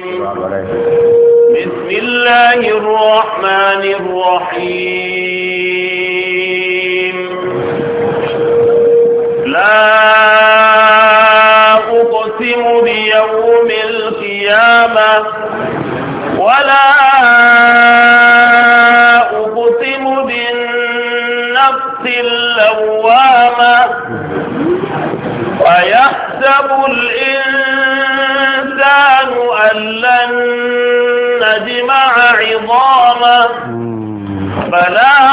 بسم الله الرحمن الرحيم لا أقسم بيوم القيامة ولا أقسم بالنفس اللوامة ويحسب الإنسان لن نجمع عظاما فلا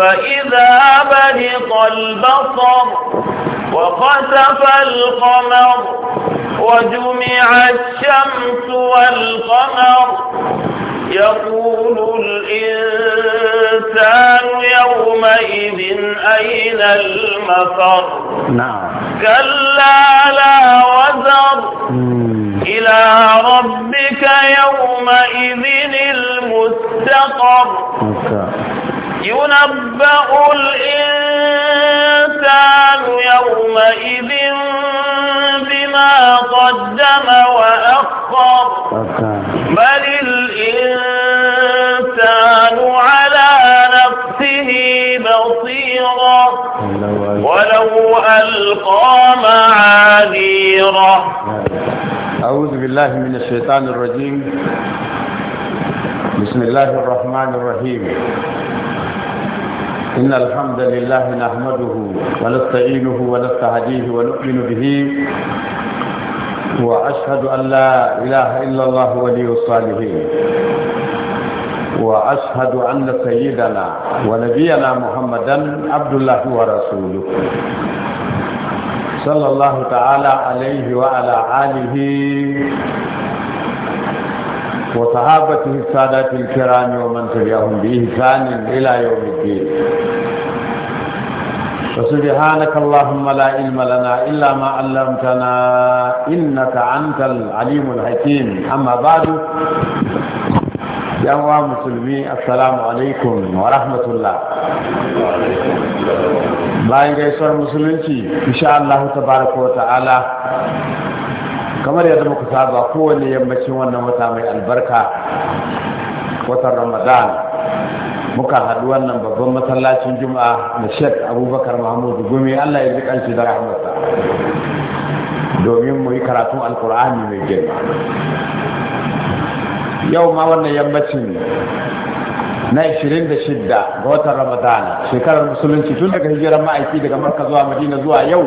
فإذا برق البصر وخسف القمر وجمع الشمس والقمر يقول الإنسان يومئذ أين المفر نعم كلا لا وزر إلى ربك يومئذ المستقر ينبأ الإنسان يومئذ بما قدم وأخر بل الإنسان على نفسه بصيرا ولو ألقى معاذيره أعوذ بالله من الشيطان الرجيم بسم الله الرحمن الرحيم إن الحمد لله نحمده ونستعينه ونستهديه ونؤمن به وأشهد أن لا إله إلا الله ولي الصالحين وأشهد أن سيدنا ونبينا محمدا عبد الله ورسوله صلى الله تعالى عليه وعلى آله وصحابته السادات الكرام ومن تبعهم بإحسان إلى يوم الدين وسبحانك اللهم لا علم لنا إلا ما علمتنا إنك أنت العليم الحكيم أما بعد يا مسلمي السلام عليكم ورحمة الله bayan gaisuwar musulunci insha Allah tabaraka wa ta'ala kamar yadda muka saba kowane yammacin wannan wata mai albarka watan ramadan muka haɗu wannan babban masallacin juma'a na shek abubakar mahmudu gumi allah ya ji kanshi da rahmata domin mu yi karatun alkur'ani mai girma yau ma wannan yammacin na 26 ga watan Ramadan shekarar musulunci tun daga hijirar ma'aiki daga Makka zuwa Madina zuwa yau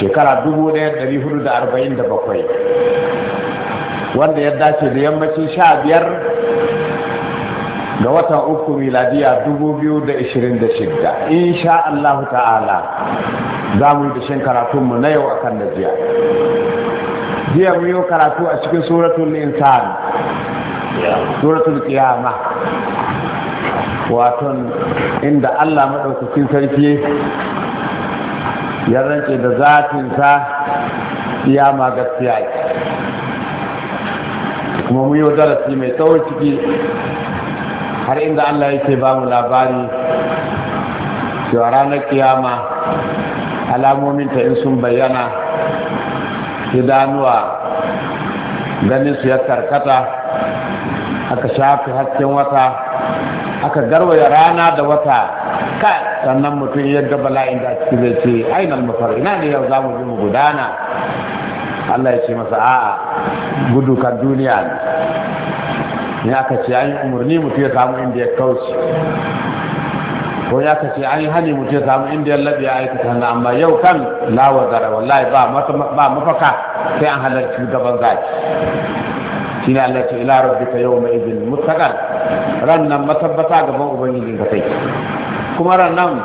shekara 1447 wanda ya dace da yammacin 15 ga watan uku miladiya 2026 insha Allah ta'ala za mu yi dashen karatunmu na yau akan da jiya jiya mu yi karatu a cikin suratun insani suratun kiyama waton inda Allah maɗaukakin sarki ya rance da zatinsa ya ma gaskiya kuma mu yi wa darasi mai tsawon ciki har inda Allah yake ba mu labari cewa ranar kiyama ta in sun bayyana idanuwa ganin su ya karkata aka shafi hasken wata aka garwaya rana da wata ka sannan mutum ya ga bala'in da ciki zai ce ainal mafar ina ne yau za mu bi mu gudana Allah ya ce masa a'a gudu kan duniya ne ya ka ce an yi umarni mutum ya samu inda ya kauce ko ya ka ce an yi hani mutum ya samu inda ya labe ya aikata na amma yau kan lawazara wallahi ba mafaka sai an halarci gaban zaki shine Allah ta ila yau yawma idhin mustaqar rannan matabbata gaban ubangijin ka sai kuma rannan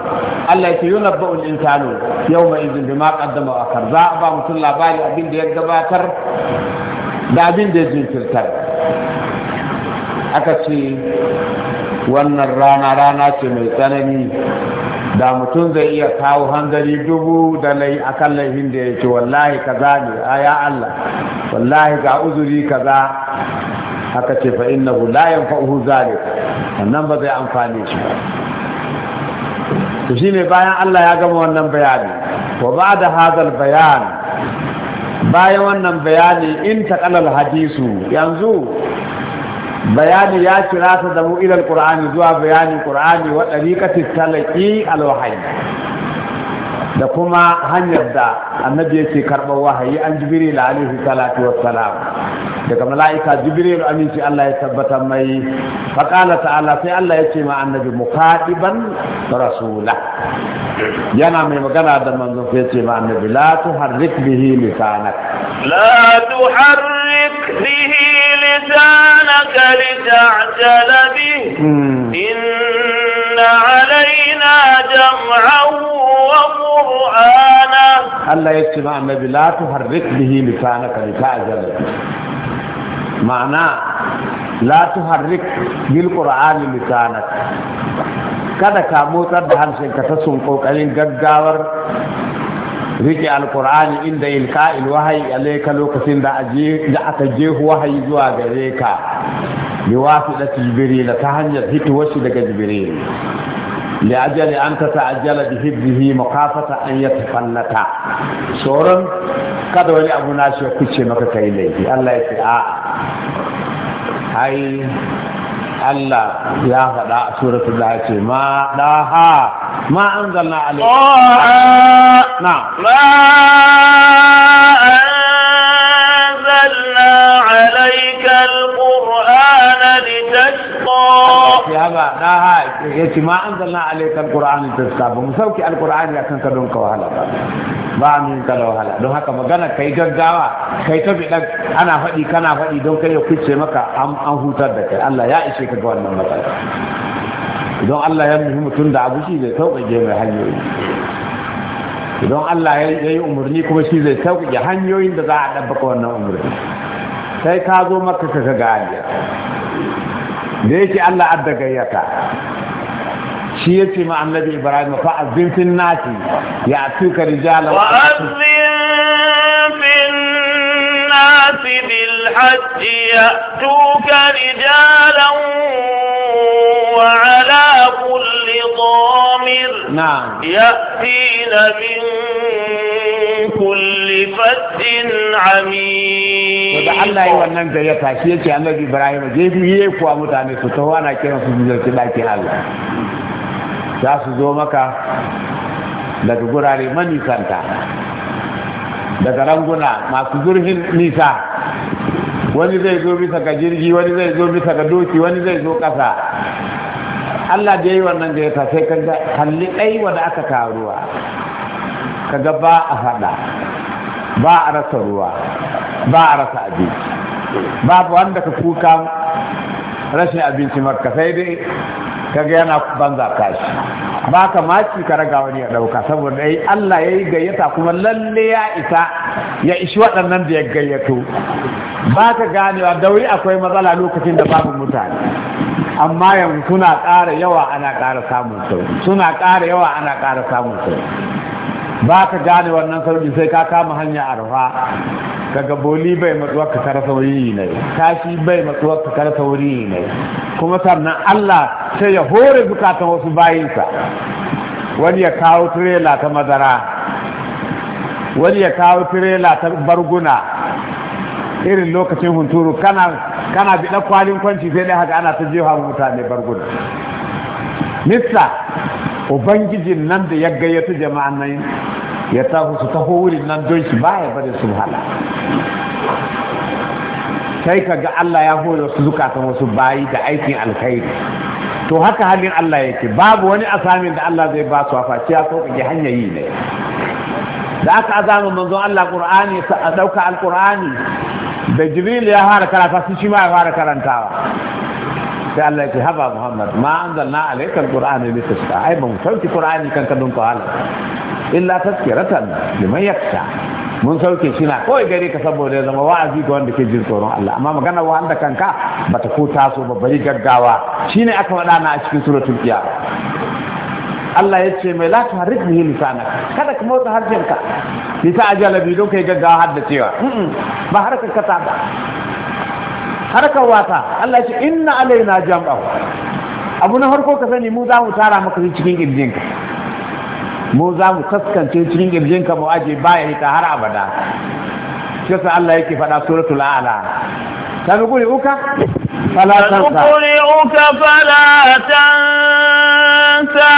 Allah ya ce yau insanu yawma idhin bima qaddama wa akhar za a ba mutum labari abin da ya gabatar da abin da ya jinkirtar aka ce wannan rana rana ce mai tsanani da mutum zai iya kawo hanzari dubu da lai kan laifin da ya ce wallahi kaza ne a ya Allah wallahi ga uzuri kaza haka ce fa innahu la yanfa'uhu zalik wannan ba zai amfane shi ba to shine bayan Allah ya gama wannan bayani wa ba'da hadal bayan bayan wannan bayani in taqala al hadisu yanzu بيان يا شراسة دمو إلى القرآن جوا بيان القرآن وطريقة السلقي الوحي da kuma hanyar da annabi yake karɓar wahayi an jibril alaihi salatu wassalam daga mala'ika jibril aminci Allah ya tabbata mai faqala ta'ala sai Allah ya ce ma annabi muqadiban rasula yana mai magana da manzon sai ya ma annabi la tuharrik bihi lisanak la tuharrik bihi lisanaka litajala bihi hmm. إن علينا جمعه وقرآنه الله يسمع النبي لا تحرك به لسانك لتعجل معناه لا تحرك بالقرآن لسانك kada ka motsar da harshenka ta sun kokarin rike alkur'ani inda ilka'il wahayi alaika lokacin da aka jehu wahayi zuwa gare ka bi wafiɗa jibril ta hanyar hito shi daga jibril لأجل أن تتعجل بحبه مخافة أن يتفلت سورا kada wani abu na shi kuce maka kai laifi Allah ya ce a ai Allah ya faɗa a suratul da ce ma ɗaha ما أنزلنا عليك طه نعم ما أنزلنا عليك القرآن لتشقى يا با لا هاي يتي ما أنزلنا عليك القرآن لتشقى بمسوكي القرآن يا كنت دونك وهلا ba min ka da wahala don haka magana kai gaggawa kai ta bi ana faɗi kana faɗi don kai ya kuce maka an hutar da kai Allah ya ishe ka ga wannan matsala idan Allah ya nufi mutum da abu shi zai sauƙaƙe mai hanyoyi idan Allah ya yi umarni kuma shi zai sauƙaƙe hanyoyin da za a ɗabbaka wannan umarni sai ka zo maka ka ga gariya da yake Allah adda gayyata shi ya ce ma annabi Ibrahim fa azin fin nasi ya tuka rijalan wa azin fin nasi بالحج يأتوك رجالا وعلى كل ضامر نعم يأتين من كل فج عميق da Allah yi wannan gayyata shi yake annabi Ibrahim je biye kuwa mutane su tawa na kiran su zai daki Allah za su zo maka daga gurare manisanta daga ranguna masu zurfin nisa wani zai zo bisa ga jirgi wani zai zo bisa ga doki wani zai zo ƙasa Allah da yi wannan da ya ta sai kan kalli ɗai wanda aka taruwa, kaga ba a haɗa ba a rasa ruwa ba a rasa abinci babu wanda ka kuka rashin abinci marka sai dai kaga yana banza kashi ba ka maki ka raga wani ya dauka saboda ai Allah yayi gayyata kuma lalle ya isa ya ishi waɗannan da ya gayyato ba ka gane wa dauri akwai matsala lokacin da babu mutane amma yanzu suna ƙara yawa ana ƙara samun sauki suna ƙara yawa ana ƙara samun sauki ba ka gane wannan sauki sai ka kama hanya arfa kaga boli bai matsuwar ka kara sauri ne tashi bai matsuwar ka kara sauri ne kuma sannan Allah sai ya hore bukatan wasu bayinsa wani ya kawo tirela ta madara wani ya kawo tirela ta barguna irin lokacin hunturu kana kana biɗa kwalin kwanci sai dai haka ana ta jefa mutane barguna mista ubangijin nan da ya gayyata jama'a nan ya tafi su taho wurin nan don shi baya bari su hala sai ka ga Allah ya hore wasu zukatan wasu bayi da aikin alkhairi to haka halin Allah yake babu wani asamin da Allah zai ba su face ya ke hanyar yi ne da aka azama manzon Allah Qur'ani a ɗauka alƙur'ani da Jibril ya fara karata su shi ma ya fara karantawa sai Allah ya ce haba Muhammad ma anzalna alayka alqur'ana litashqa ai ba sauki qur'ani kan ka don hala illa tazkiratan liman yakhsha mun sauke shi na kawai gare ka saboda ya zama wa'azi ga wanda ke jin tsoron Allah amma magana anda kanka bata ko so ba bari gaggawa shine aka faɗa na a cikin suratul qiyam Allah ya ce mai lati harik bihi lisanak kada ka mota harshenka bisa ajalabi don kai gaggawa har da cewa ba harkar ka ta ba harkar wasa Allah ce inna alaina jam'ahu abu na harko ka sani mu za mu tara maka cikin kirjinka mu za mu kaskance cikin kirjinka mu aje baya ita har abada shi sa Allah yake faɗa suratul a'la سنقرئك فلا تنسى سنقرئك فلا تنسى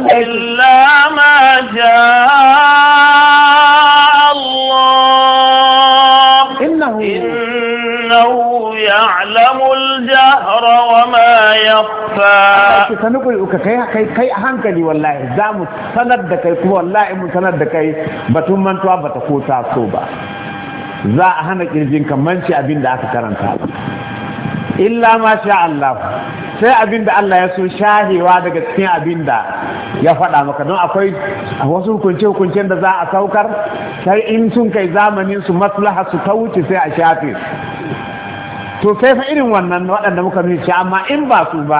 إلا ma جاء yaffa ka nuku ka kai kai kai hankali wallahi za mu sanar da kai kuma wallahi mu sanar da kai batun mantuwa bata ko ta so ba za a hana kirjin ka manci abin da aka karanta illa ma sha Allah sai abin da Allah ya so shahewa daga cikin abin da ya faɗa maka don akwai wasu hukunce-hukuncen da za a saukar sai in sun kai zamanin su maslaha su ta wuce sai a shafe to sai fa irin wannan waɗanda muka nuna shi amma in ba su ba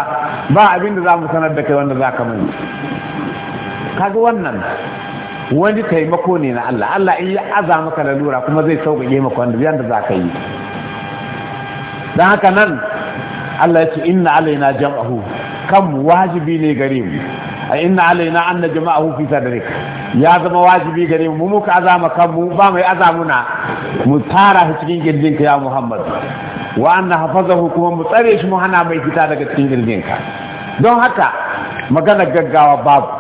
ba abin da za mu sanar da kai wanda za ka mai kaga wannan wani taimako ne na Allah Allah in ya aza maka lalura kuma zai sauƙaƙe maka wanda biyan da za ka yi don haka nan Allah ya ce inna alaina jam'ahu kan wajibi ne gare mu a inna alaina an na jama'ahu fi sadrik ya zama wajibi gare mu muka azama kan kanmu ba mai azamuna mu tara shi cikin ka ya muhammad wa anna hafazahu kuma mu tsare shi mu hana mai fita daga cikin ka don haka maganar gaggawa babu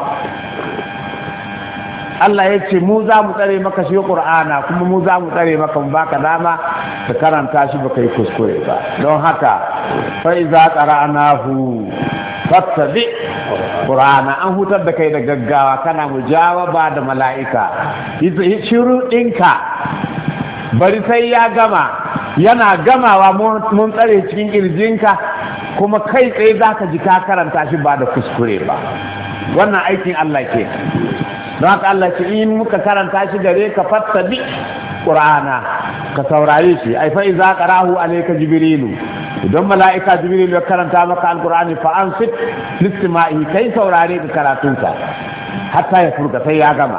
Allah ya ce mu za mu tsare maka shi Qur'ana kuma mu za mu tsare maka mu baka dama ka karanta shi baka yi kuskure ba don haka fa iza qara'nahu fattabi Qur'ana an hutar da kai da gaggawa kana mu mujawaba da mala'ika shiru dinka bari sai ya gama yana gamawa mun tsare cikin kirjinka kuma kai tsaye za ka ji ka karanta shi ba da kuskure ba wannan aikin Allah ke don haka Allah ce in muka karanta shi gare ka fattabi qur'ana ka saurare shi ai fa iza qarahu alayka jibrilu idan mala'ika jibrilu ya karanta maka alqur'ani fa ansit listima'i kai saurare ka karatunsa hatta ya furga sai ya gama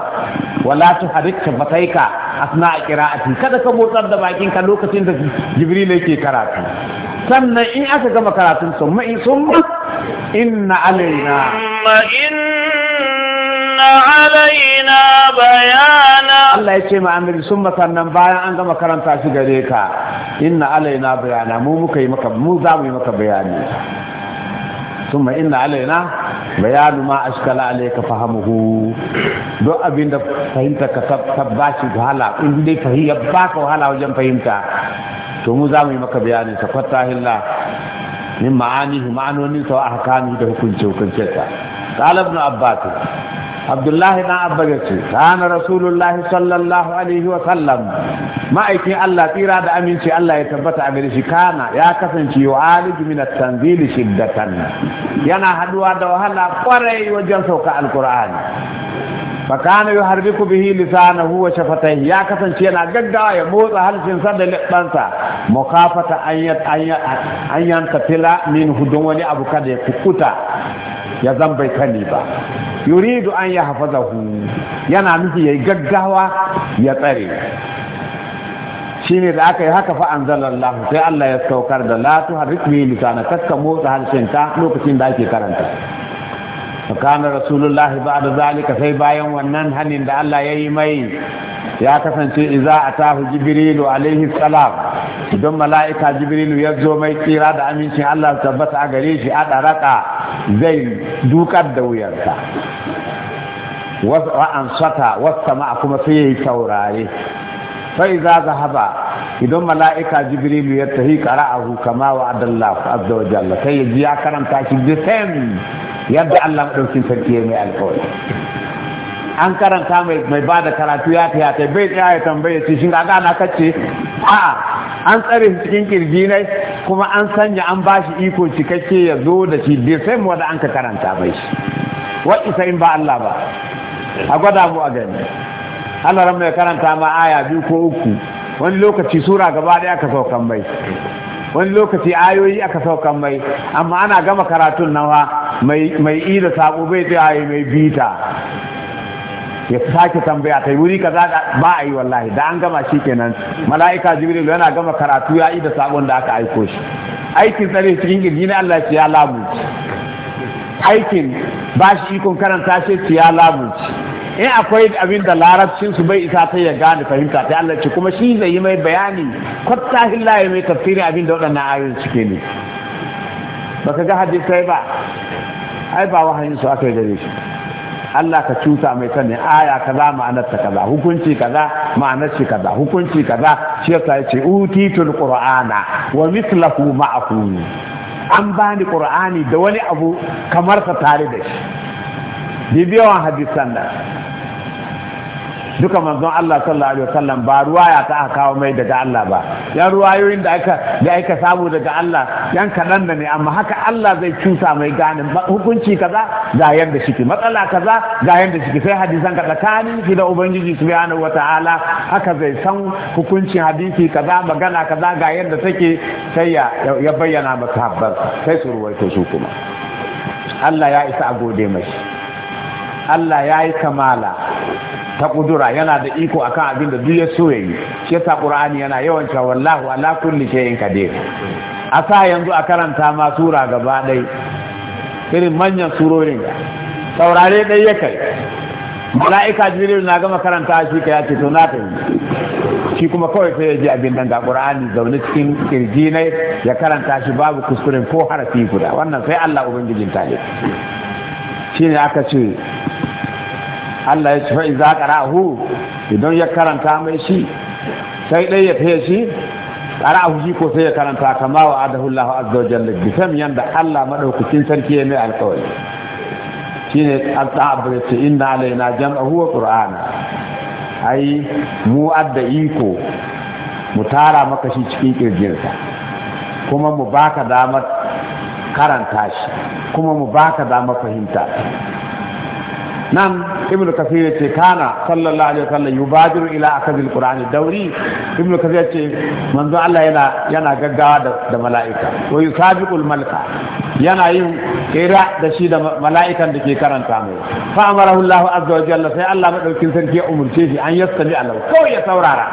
wala tuharrik bataika asna qira'ati kada ka motsar da bakin ka lokacin da jibril yake karatu sannan in aka gama karatun sun ma'i sun inna alaina inna alaina bayana Allah ya ce ma annabi sun makannan bayan an gama karanta shi gare ka inna alaina bayana mu muka yi maka mu za mu yi maka bayani summa inna alaina bayanu ma ashkala alayka fahamuhu duk abinda fahimta ka shi wahala in dai ba baka wahala wajen fahimta to mu za mu yi maka bayanin sa fatahillah min ma'anihi ma'anonin sa wa ahkamihi da hukunce hukunce ta qala ibn abbas abdullahi dan abba ya ce kana rasulullahi sallallahu alaihi wa sallam ma'aikin Allah tsira da aminci Allah ya tabbata a gare shi kana ya kasance yu'aliju min at-tanzil shiddatan yana haduwa da wahala kwarai wajen sauka alqur'ani fa kana yuharbiku bihi lisanahu wa shafatayhi ya kasance yana gaggawa ya motsa sa da libansa mukafata an yanta fila min hudun wani abu kada ya kukuta ya zan bai kani ba yuridu an ya hafazahu yana nufi ya yayi gaggawa ya tsare shi ne da aka yi haka fa anzalallahu sai Allah ya saukar da la tuharrik bi lisanaka motsa harshen ta lokacin da ake karanta kana rasulullahi ba'da zalika sai bayan wannan hanin da Allah yayi mai ya kasance iza atahu jibril alaihi salam don mala'ika jibril ya zo mai tsira da aminci Allah tabbata a gare shi a daraka zai duka da wuyarsa wa ansata wa sama kuma sai yayi saurare fa iza zahaba idan mala'ika jibrilu ya tahi qara'ahu kama wa adallahu azza wa jalla sai ya ji ya karanta shi the same yadda Allah madaukin sarki ya mai alƙawari an karanta mai mai bada karatu ya ta ta bai tsaya ya tambaye shi shin ga na kace a an tsare shi cikin kirji ne kuma an sanya an bashi iko cikakke ya zo da shi the same wanda an ka karanta bai shi wa in ba Allah ba a gwada mu a gani Allah ran mai karanta ma aya biyu ko uku wani lokaci sura gaba ɗaya aka saukan mai wani lokaci ayoyi aka saukan bai amma ana gama karatun nawa mai ida sabo bai tsaya mai bita ya sake tambaya kai wuri kaza ba a yi wallahi da an gama shi kenan mala'ika jibril yana gama karatu ya ida sabon da aka aiko shi aikin tsare cikin ƙirji na Allah ya labuci aikin ba shi ikon karanta shi ya labuci in akwai abin da larabcin su bai isa ta ya gane fahimta ta Allah ce kuma shi zai yi mai bayani kwatta ya mai tafsiri abin da waɗannan ayoyin suke ne baka ga hadisai ba ai ba wahayin su aka yi gare shi Allah ka cuta mai sannin aya kaza ma'anar ta kaza hukunci kaza ma'anar shi kaza hukunci kaza shi yasa ya ce utitul qur'ana wa mithlahu ma'ahu an bani qur'ani da wani abu kamar sa tare da shi bibiyawan hadisan nan duka manzon Allah sallallahu alaihi wasallam ba ya ta kawo mai daga Allah ba yan ruwayoyin da aka da aka samu daga Allah yan kadan da ne amma haka Allah zai cusa mai ganin hukunci kaza ga yadda shike matsala kaza ga yadda shike sai hadisan ka tsakanin shi da ubangiji subhanahu wataala haka zai san hukuncin hadisi kaza magana kaza ga yadda take sai ya bayyana maka habbar sai su ruwaito su kuma Allah ya isa a gode mashi Allah ya yi kamala ta kudura yana da iko akan abin da duk ya so yayi shi ta qur'ani yana yawan cewa wallahu ala kulli shay'in qadir asa yanzu a karanta ma sura gaba dai irin manyan surorin saurare dai ya kai mala'ika jibril na gama karanta shi ka yace to na ta shi kuma kawai sai ya ji abin nan ga qur'ani zaune cikin kirji ne ya karanta shi babu kuskuren ko harafi guda wannan sai Allah ubangijin ta ne shine aka ce Allah ya ce fa'i za ra'ahu, idan ya karanta mai shi sai ɗaya ya fiye shi ƙara'ahu shi ko sai ya karanta kama wa adahullahu azza wa jalla bisan yanda Allah maɗaukakin sarki ya mai alƙawari ne Allah abu ce na alaina jam'ahu wa qur'ana ai mu adda iko mu tara maka shi cikin kirjinsa kuma mu baka damar karanta shi kuma mu baka damar fahimta nan ibn kasir ce kana sallallahu alaihi wasallam yubadiru ila akazil qur'an dauri ibn kasir ce manzo Allah yana yana gaggawa da, da mala'ika wa yusabiqul yana yin kira da shi da mala'ikan da ke karanta mai fa amarahu Allah azza wa jalla sai Allah madaukin sarki ya umarci shi an yastami alau ko ya saurara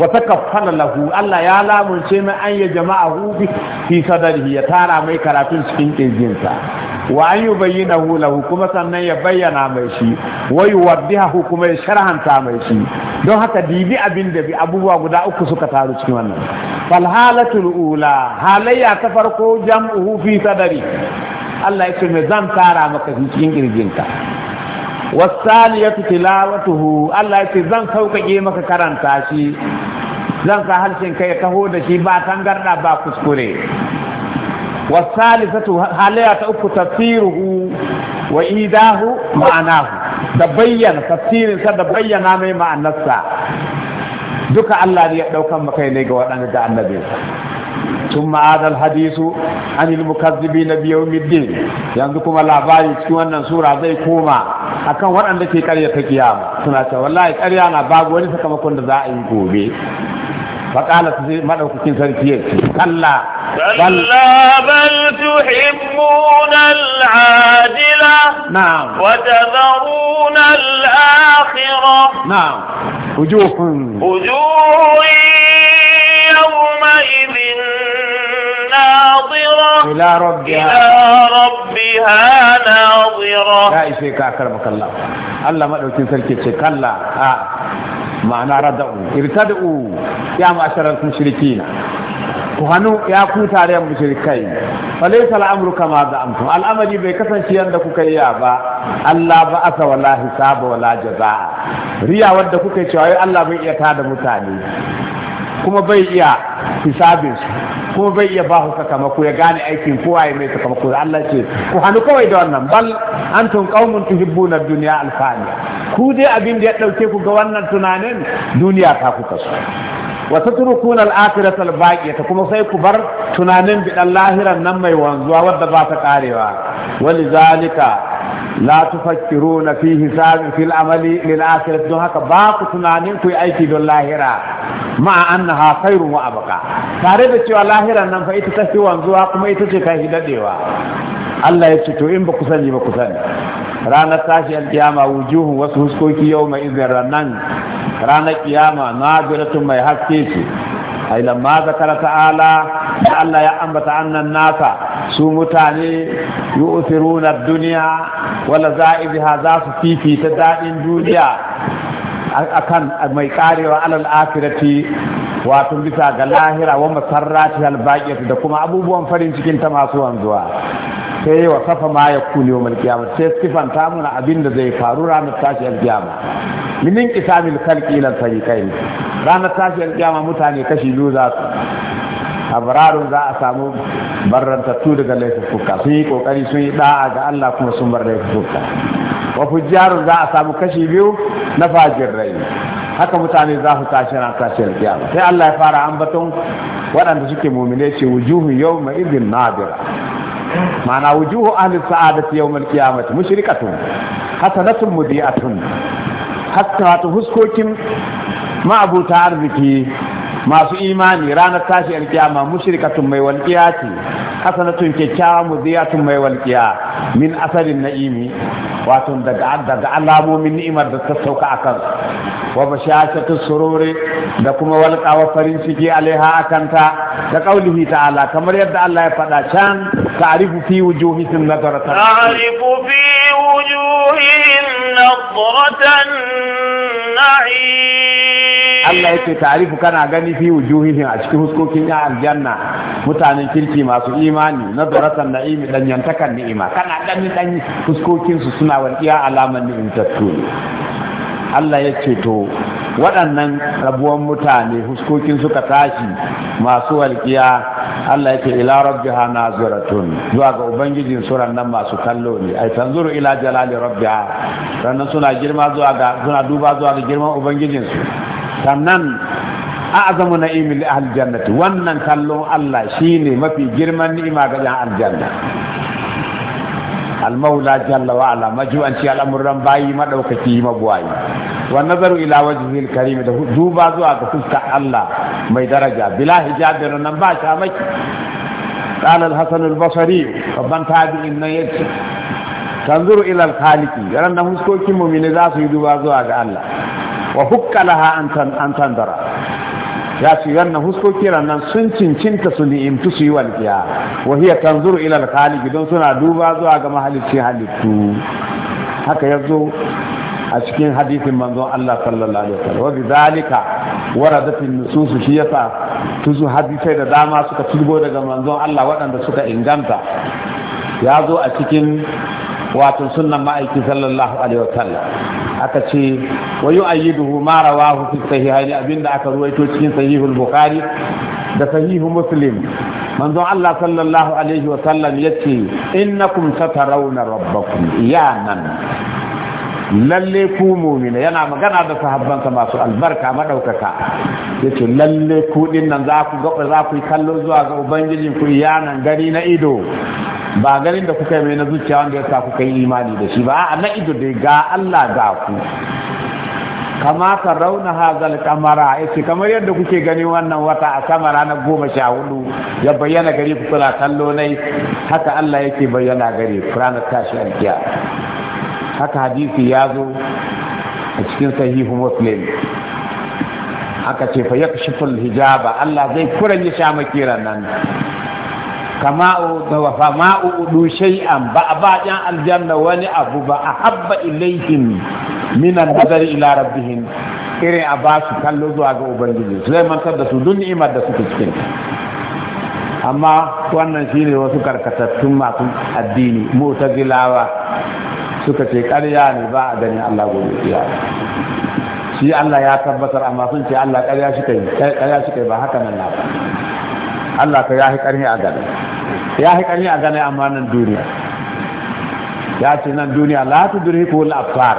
wa takaffala Allah ya lamunce mai an ya jama'ahu fi sadarihi ya tara mai karatun cikin kirjinsa wa an yubayyinahu lahu kuma sannan ya bayyana mai shi wa yuwaddihahu kuma ya sharhanta mai shi don haka dibi abin da bi abubuwa guda uku suka taru cikin wannan fal halatul ula halayya ta farko jam'uhu fi sadari Allah ya ce me zan tara maka cikin kirjinka wasaniyatu tilawatuhu Allah ya ce zan sauƙaƙe maka karanta shi zan sa harshen kai ya taho da shi ba tangarda ba kuskure wasalisatu halayya ta da bayyana tafsirin sa bayyana mai ma'anarsa duka Allah ne ya daukan makai ne ga waɗanda da annabi ثم هذا الحديث عن المكذبين بيوم middin, yanzu kuma labari cikin wannan sura zai koma akan waɗanda ke karya ta kiyama suna ta wallahi karya na babu wani sakamakon da za a yi gobe فقالت مدوكين سركي كلا بل بل تحبون العاجلة نعم وتذرون الآخرة نعم وجوه وجوه يومئذ ناظرة إلى ربها إلى ربها ناظرة لا إشي أكرمك الله الله مدوكين سركي كلا آه. ma'ana rada'u irtad'u ya ma'asharar mushrikina ku hannu ya ku tare mushrikai falaysa al'amru kama za'amtum al'amari bai kasance yanda kuka yi ya ba Allah ba asa wala hisaba wala jazaa riya wanda kuka yi cewa Allah bai iya tada mutane kuma bai iya hisabin kuma bai iya ba ku sakamako ya gane aikin kowa ya mai sakamako Allah ce ku hannu kawai da wannan bal tun qaumun tuhibbuna ad duniya al ku dai abin da ya dauke ku ga wannan tunanin duniya ta kuka so wa tatrukuna al-akhirata al-baqiyata kuma sai ku bar tunanin bidan lahiran nan mai wanzuwa wadda ba ta karewa walizalika la tufakkiruna fi hisabi fil amali lil akhirati don haka ba ku tunanin ku yi aiki don lahira ma annaha khairun wa abqa tare da cewa lahiran nan fa ita ta fi wanzuwa kuma ita ce ta hidadewa Allah ya ce to in ba ku sani ba ku sani ranar tashiyar kiyama wujuhun wasu huskoki yau mai izin ranar ranar kiyama na biratun mai haske su A ilan ma zakara ta'ala da Allah ya ambata annan nasa su mutane yi yu'thiruna duniya wala za'ibiha za su fifita daɗin duniya A kan mai karewa alal afirati wato bisa ga lahira wa masarrati al da kuma abubuwan farin cikin ta masu wanzuwa sai wa safa ma ya kuli wa malkiyama sai sifanta muna abin da zai faru ranar tashi alkiyama minin mil kalki ilan sari kai ranar tashi alkiyama mutane kashi biyu za su abrarun za a samu barrantattu daga fuka sun yi kokari sun yi da'a ga Allah kuma sun bar laifuka wa fujjarun za a samu kashi biyu na rai haka mutane za su tashi ranar tashi alkiyama sai Allah ya fara ambaton waɗanda suke mumine ce wujuhu yau idin nadira ma'ana wujuhu ahli sa'adati yawmal qiyamati mushrikatun hasanatun mudi'atun tun, ta huskokin ma'abuta arziki masu imani ranar tashi alkiyama mushrikatun mai walƙiya ce hasanatun kyakkyawa mudiyatun mai walƙiya, min asalin na'imi wato daga daga alamomin ni'imar da ta sauka akan wa bashashatus sururi da kuma wa farin ciki alaiha akanta da qaulihi ta'ala kamar yadda Allah ya faɗa can ta'rifu fi wujuhihim nadratan ta'rifu fi wujuhihim nadratan na'im Allah ya yake tarifu kana gani fi wujuhihim a cikin huskokin ya aljanna mutanen kirki masu imani na darasan na'imi danyantakan ni'ima kana gani dan huskokin su suna wani iya alaman ni'imtattu Allah ya ce to waɗannan rabuwan mutane huskokin suka tashi masu walƙiya Allah yake ila rabbiha naziratun zuwa ga ubangijin suran nan masu kallo ne ai tanzuru ila jalali rabbiha sannan suna girma zuwa ga suna duba zuwa ga girman ubangijin su sannan a'zamu na'imil ahli jannati wannan kallon Allah shine mafi girman ni'ima ga aljanna almaula jalla wa ala majuwanci al'amuran bayi madaukaki mabuwayi wa nazaru ila wajhil karim da duba zuwa ga fuskar Allah mai daraja bila hijabin nan ba ta maki قال الحسن البصري ربان تابعين يكتب تنظر إلى الخالق لأن نفسكم مؤمن ذات يدوا زواج الله وفك لها أن تنظر ya ce wannan huskoki nan sun cincinta su ni'imtu su yi walƙiya wa hiya tanzuru ila al don suna duba zuwa ga mahalicci halittu haka yazo a cikin hadisin manzon Allah sallallahu alaihi wasallam wa bidhalika waradat an-nusus shi yasa tuzu hadisai da dama suka turgo daga manzon Allah waɗanda suka inganta ya zo a cikin wato sunnan ma'aiki sallallahu alaihi wa sallam aka ce wa yu'ayyiduhu ma rawahu fi sahihaini abinda aka ruwaito cikin sahihul bukhari da sahihu muslim manzo Allah sallallahu alaihi wa sallam yace innakum satarawna rabbakum iyanan lalle ku mumina yana magana da sahabbansa masu albarka madaukaka yace lalle ku din nan za ku gaba za ku kallo zuwa ga ubangijin ku yanan gari na ido ba garin da kuka yi mai na zuciya wanda ya sa kuka yi imani da shi ba a na ido dai ga Allah ga ku kama ka rauna hazal kamara yace kamar yadda kuke gani wannan wata a sama ranar goma sha hudu ya bayyana gari ku kuna kallo nai haka Allah yake bayyana gari ku ranar tashi alkiya haka hadisi ya zo a cikin sahihu muslim aka ce fa yakshiful hijaba Allah zai kura ya sha makira nan kama da wafa ma'u shay'an ba ba yan aljanna wani abu ba ahabba ilayhim min an-nazar ila rabbihim irin a basu kallo zuwa ga ubangiji sai man mantar da su dun ni'imar da suke cikin amma wannan shine wasu karkatattun masu addini mu'tazilawa suka ce ƙarya ne ba a ganin Allah gobe shi Allah ya tabbatar amma sun ce Allah ƙarya shi kai ƙarya shi kai ba haka nan na ba Allah ka yahi ƙarni a gane yahi ƙarni a gane amma nan duniya ya ce nan duniya la al la tudriku al-absar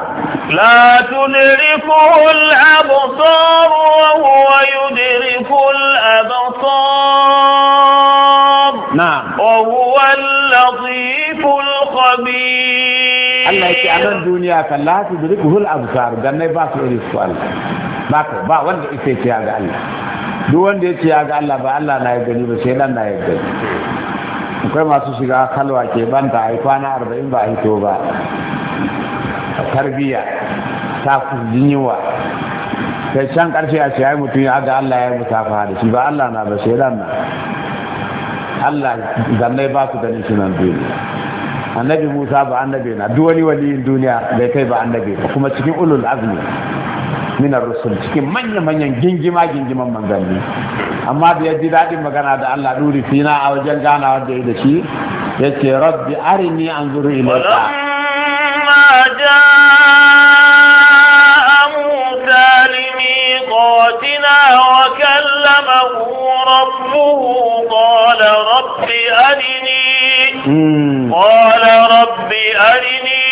wa huwa yudriku al-absar na'am wa huwa al-latif al-khabir Allah yake a nan duniya kan la tudrikuhul absar gannai ba su iri su Allah ba ba wanda yake ya ga Allah duk wanda yake ya ga Allah ba Allah na ya gani ba sai nan na ya gani akwai masu shiga kalwa ke banta a kwana arba'in ba a hito ba tarbiyya ta kujinyuwa sai can karshe a ciyayi mutum ya ga Allah ya mutafa da shi ba Allah na ba sai nan Allah zannai ba su gani shi nan duniya annabi musa ba annabi na duk wani waliyin duniya bai kai ba annabi kuma cikin ulul azmi min rusul cikin manya manyan gingima gingiman manzanni amma da ya ji daɗin magana da Allah duri fina a wajen ganawa da da shi ya ce rabbi arini anzuru ilayka وكلمه ربه قال رب أرني قال رب أرني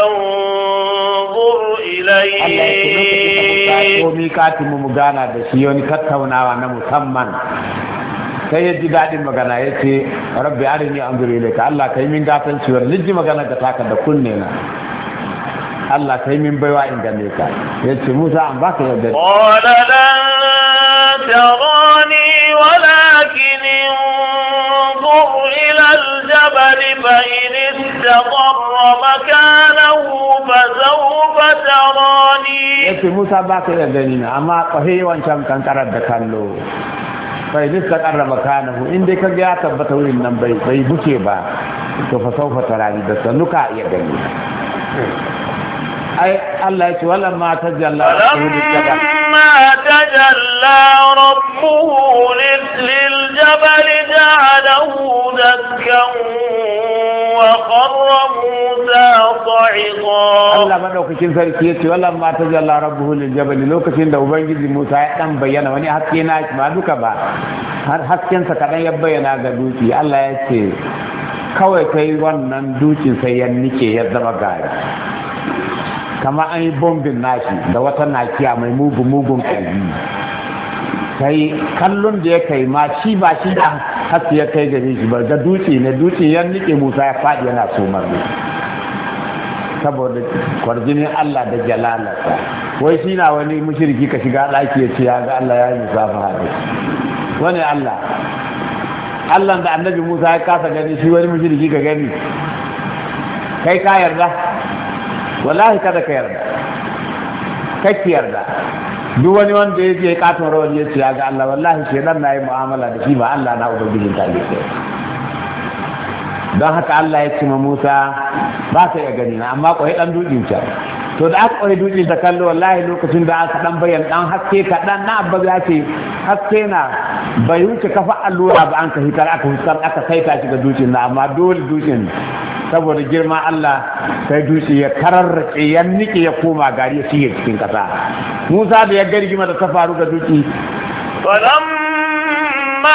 أنظر إليك komi katinmu mu gana da shi wani na musamman sai ya ji daɗin magana ya ce rabbi arini an zuri ilaika Allah kai min gatan ciwar nijji magana da taka da kunne na Allah kai min baiwa in gane ka ya ce Musa an baka yadda qala lan الجبل فإن استقر مكانه فسوف تراني يكي موسى باكر الذين أما قهي وانشام كان ترد كالو فإن استقر مكانه إن ديك يا تبتوي النبي فيبكي با فسوف تراني بس نكا يدني ai Allah ya ce walan ma tajalla ma tajalla rabbuhu lil jabal ja'alahu dakkan wa kharra musa sa'iqa Allah madaukakin sarki ya ce walan ma tajalla rabbuhu lil jabal lokacin da ubangiji Musa ya dan bayyana wani haske na ba duka ba har haskensa kadan ya bayyana ga duki Allah ya ce kawai kai wannan dukin sai ya nike ya zama gari kama an yi bombin naki da wata nakiya mai mugun mugun ƙarfi kai kallon da ya kai ma shi ba shi da hasu ya kai gare shi ba ga dutse ne dutse ya nike musa ya faɗi yana so marbe saboda kwarjinin Allah da jalalata wai shi na wani mushriki ka shiga ɗaki ya ce ya ga Allah ya yi musafa haɗe wani Allah Allah da annabi Musa ya kasa gani shi wani mushriki ka gani kai ka yarda wallahi kada ka yarda kake yarda duk wani wanda ya je katon rawar ya ce ya ga Allah wallahi nan na yi mu'amala da shi ba Allah na ubangijin ta ne don haka Allah ya ce ma Musa ba ka iya gani na amma kwai dan dudin ta to da aka kwai dudin ta kallo wallahi lokacin da aka dan bayan dan haske ka dan na abba ya ce haske na bai wuce kafa allura ba an ka hitar aka hitar aka saita shi ga dudin na amma dole dudin saboda girma Allah sai dutse ya kararrake ya nike ya koma gari ya shige cikin kasa Musa da ya ga rigima da ta faru da dutse falamma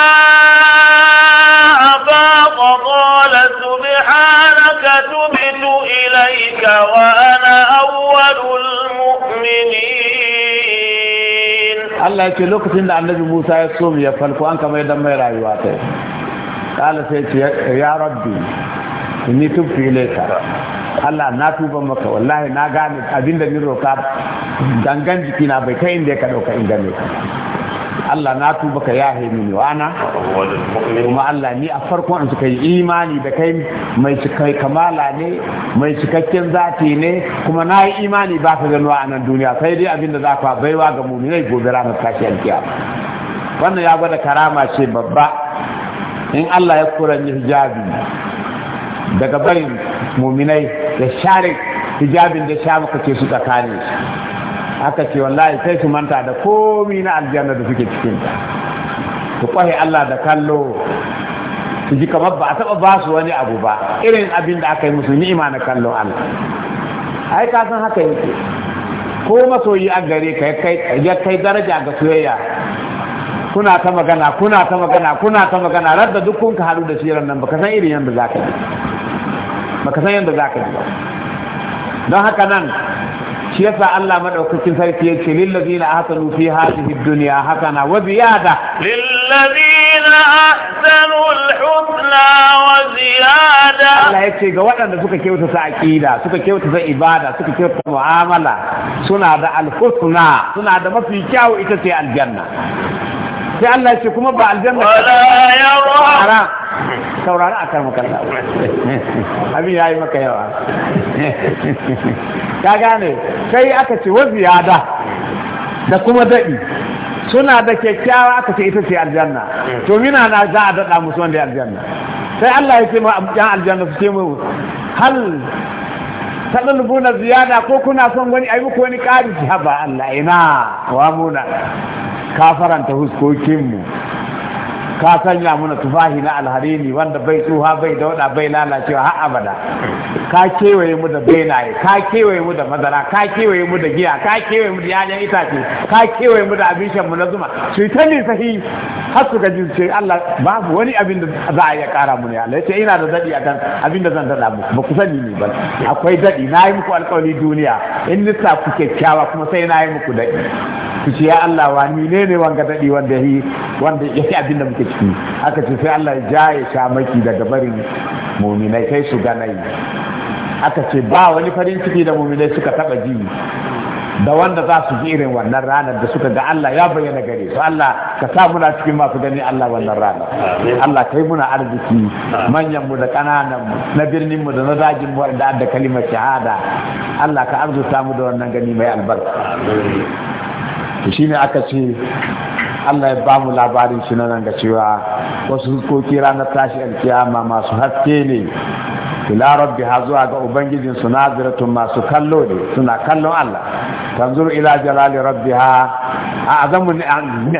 afaqa qala subhanaka tubtu ilayka wa ana awwalul mu'minin Allah ya ce lokacin da Annabi Musa ya so ya falko an kama yadda mai rayuwa ta kala sai ce ya rabbi Ni tubtu ilayka Allah na tuba maka wallahi na gane abinda ni roka dangan na bai kai inda ka dauka inda ne Allah na tuba ka ya haifi wana kuma Allah ni a farkon an suka yi imani da kai mai cikai kamala ne mai cikakken zati ne kuma na yi imani ba ka ganuwa a nan duniya sai dai abinda za ka baiwa ga muminai gobe ranar tashi alkiya wannan ya gwada karama ce babba in Allah ya kura ni hijabi daga barin muminai da share hijabin da sha muka ce su tsakani su aka ce wallahi sai su manta da komi na aljanna da suke cikin ta su Allah da kallo su ji kamar ba a taba ba su wani abu ba irin abin da aka yi musu ni'ima na kallo Allah ai ka san haka yake ko masoyi a gare ka ya kai daraja ga soyayya kuna ta magana kuna ta magana kuna ta magana radda duk kun ka haɗu da shi nan ba, ka san irin yanda zaka yi Ka san yadda za ka ji don haka nan shi yasa Allah madaukakin sarki ya ce lillazina ahsanu fi hadhihi dunya hasana wa ziyada lillazina ahsanu alhusna wa ziyada Allah ya ga waɗanda suka kyautata aqida suka kyautata ibada suka kyautata mu'amala suna da alhusna suna da mafi kyau ita ce aljanna sai Allah ce kuma ba aljanna yawa saurara a kan makalla abin ya maka yawa ka gane sai aka ce wa ziyada da kuma daɗi suna da kyakkyawa aka ce ita ce aljanna to mina na za a daɗa musu wanda ya aljanna sai Allah ya ce ma yan aljanna su ce mu hal na ziyada ko kuna son wani ayi ko wani ƙari ji haba Allah ina wa muna ka faranta mu. ka sanya mana tufahi na alharini wanda bai tsuha bai dauda bai lalacewa har abada ka kewaye mu da benaye ka kewaye mu da madara ka kewaye mu da giya ka kewaye mu da yayan itace ka kewaye mu da abin shan mu na zuma su ta ne sahi har su gaji ce Allah babu wani abin da za a iya kara mu ne Allah ya ce ina da dadi akan abin da zan dada mu ba ku sani ni ba akwai dadi na yi muku alƙawari duniya in nisa ku kyakkyawa kuma sai na yi muku dadi ku ce ya Allah wa ni ne wanga dadi wanda yi wanda yake abin da muke ciki aka ce sai Allah ya jaye maki daga barin muminai kai su ganai aka ce ba wani farin ciki da muminai suka taba ji da wanda za su ji irin wannan ranar da suka ga Allah ya bayyana gare su Allah ka sa muna cikin masu gani Allah wannan ranar Allah kai muna arziki manyan mu da kananan mu na birnin mu da na dajin mu da da kalimar shahada Allah ka arzuta mu da wannan gani mai albarka shi ne aka ce Allah ya ba mu labarin shi na nan ga cewa wasu hukoki ranar tashi alkiyama masu haske ne ila rabbi ha zuwa ga ubangijin su naziratun masu kallo ne suna kallon Allah tanzur ila jalali rabbi ha, a azamun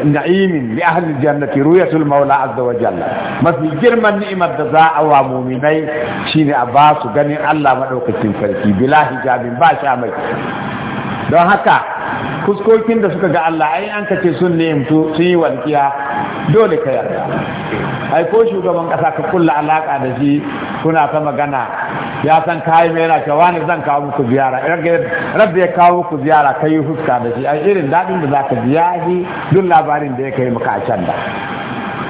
na'imin li ahli jannati ruyatul maula azza wa jalla mafi girman ni'imar da za a wa mu'minai shine a ba su ganin Allah maɗaukacin sarki bila hijabin ba shamai don haka fuskokin da suka ga Allah ai an kace sun ne mutu sun yi walƙiya dole ka yarda ai ko shugaban ƙasa, ka kulla alaka da shi kuna ta magana ya san kai mai yana cewa ne zan kawo muku ziyara rabbi ya kawo muku ziyara kai huska da shi ai irin daɗin da zaka biya shi duk labarin da ya kai maka a can da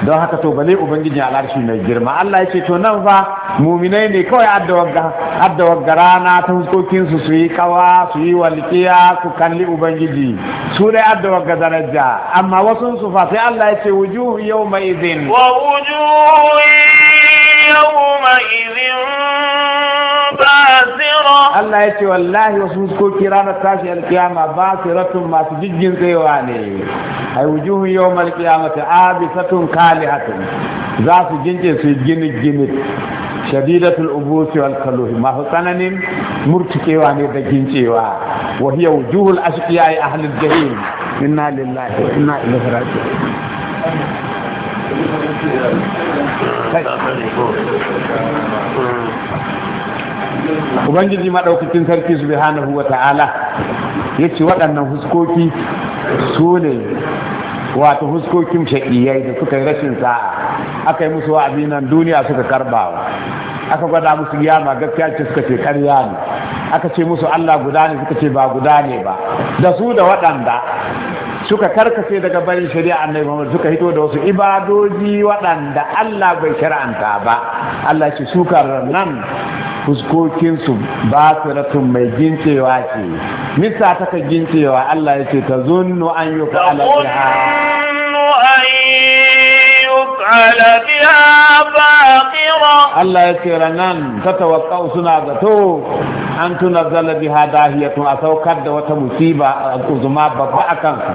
don haka to bale ubangiji al'arshi mai girma Allah ya ce to nan fa muminai ne kawai addawa ga rana ta su su yi kawa su yi walƙiya su kalli ubangiji su dai addawa ga daraja amma wasu su fa sai Allah ya ce wuju yau mai wa basira Allah ya ce wallahi wasu hukoki ranar tashi alkiyama basiratun masu jijjin tsayawa ne ai wujuhun yawmal qiyamati abisatun kalihatun za su jinje su gini gini shadidatul ubusi wal kaluhi masu tsananin murtukewa ne da gincewa wa hiya wujuhul ashqiya ahli jahim inna lillahi wa inna ilaihi raji'un Thank you. ubangiji maɗaukakin sarki subhanahu wa ta'ala ya ce waɗannan huskoki su ne wato huskokin shaƙiyai da suka yi rashin sa'a aka yi musu wa abinan duniya suka karbawa aka gwada musu yama gaskiya ce suka ce karya ne aka ce musu Allah guda ne suka ce ba guda ne ba da su da waɗanda suka karkace daga barin shari'a annabi Muhammad suka hito da wasu ibadoji waɗanda Allah bai shar'anta ba Allah ce sukar nan fuskokinsu ba su ratun mai gincewa ce misa ta ka gincewa Allah ya ce ta zunnu an yi fa'ala biha Allah ya ce ranan ta tawakkau suna zato an tuna zala biha dahiyatun a saukar da wata musiba uzuma babba a kansu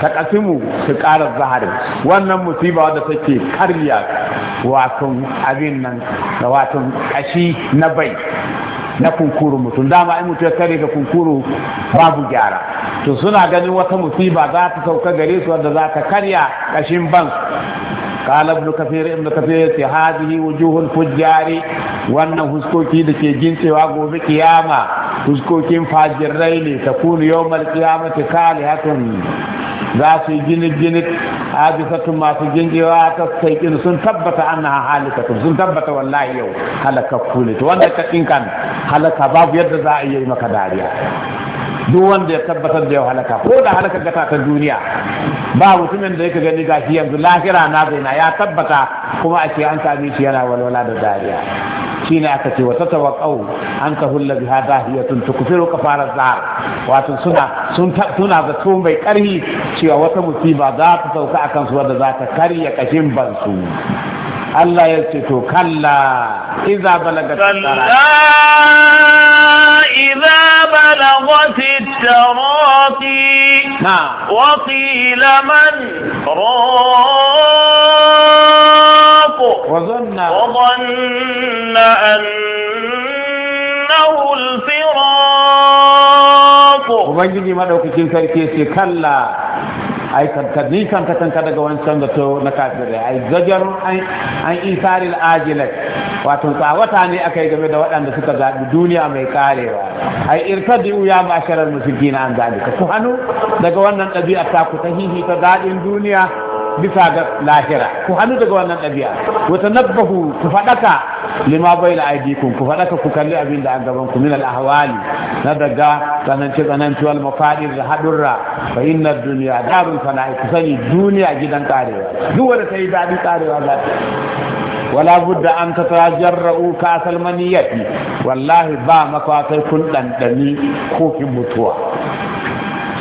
ta kasimu su ƙara zahari wannan musiba wadda take karya wato abin nan da wato kashi na bai na kunkuru mutum dama in mutum ya kare ga kunkuru babu gyara to suna ganin wata musiba za ta sauka gare su wadda za ta karya kashin ban قال ابن كثير ابن كثير هذه وجوه الفجار وان هسكوكي دكي جنسي واغو بكيامة هسكوكي فاجر ريلي تكون يوم القيامة كالهة za su yi ginit-ginit hadisatun masu gingewa ta saikin sun tabbata annaha halikatun sun tabbata wallahi yau halakakku ne to wanda ka kan halaka babu yadda za a yi maka dariya duk wanda ya tabbatar da ya halaka ko da halaka gata ta duniya ba mutumin da yake gani gashi yanzu lahira na zaina ya tabbata kuma a ce an sami shi yana walwala da dariya shine aka ce wa tatawaqau an ka hulla biha dahiyatun tukfiru kafarat zahar wato suna sun suna da tun mai karhi cewa wata musiba za ta sauka akan su wadda za ta karya kashin bansu Allah ya ce to kalla iza balagat إذا بلغت التراقي نعم. وقيل من راق وظن وظن أنه الفراق وبنجي ما لو كنت كلا ai kanka ni kanka tanka daga wancan zato na kafirai ai zajarun an isaril ajilai wato tsawata ne akai game da waɗanda suka zaɓi duniya mai karewa ai irtadiu ya ma'asharar musulmi na an zaɓi ku hannu daga wannan ɗabi'a ta ku ta hihi ta daɗin duniya bisa ga lahira ku hannu daga wannan ɗabi'a wata nabbahu ku faɗaka lima bai la aidikum ku faɗaka ku kalli abin da a gaban ku min ahwali na daga tsananci tsananci wal mafadir da hadurra fa inna dunya darul fana'i ku sani duniya gidan karewa duk wanda ta yi daɗi karewa za ta wala budda an tatajarra'u ka salmani maniyati wallahi ba makwatai kun ɗanɗani kofin mutuwa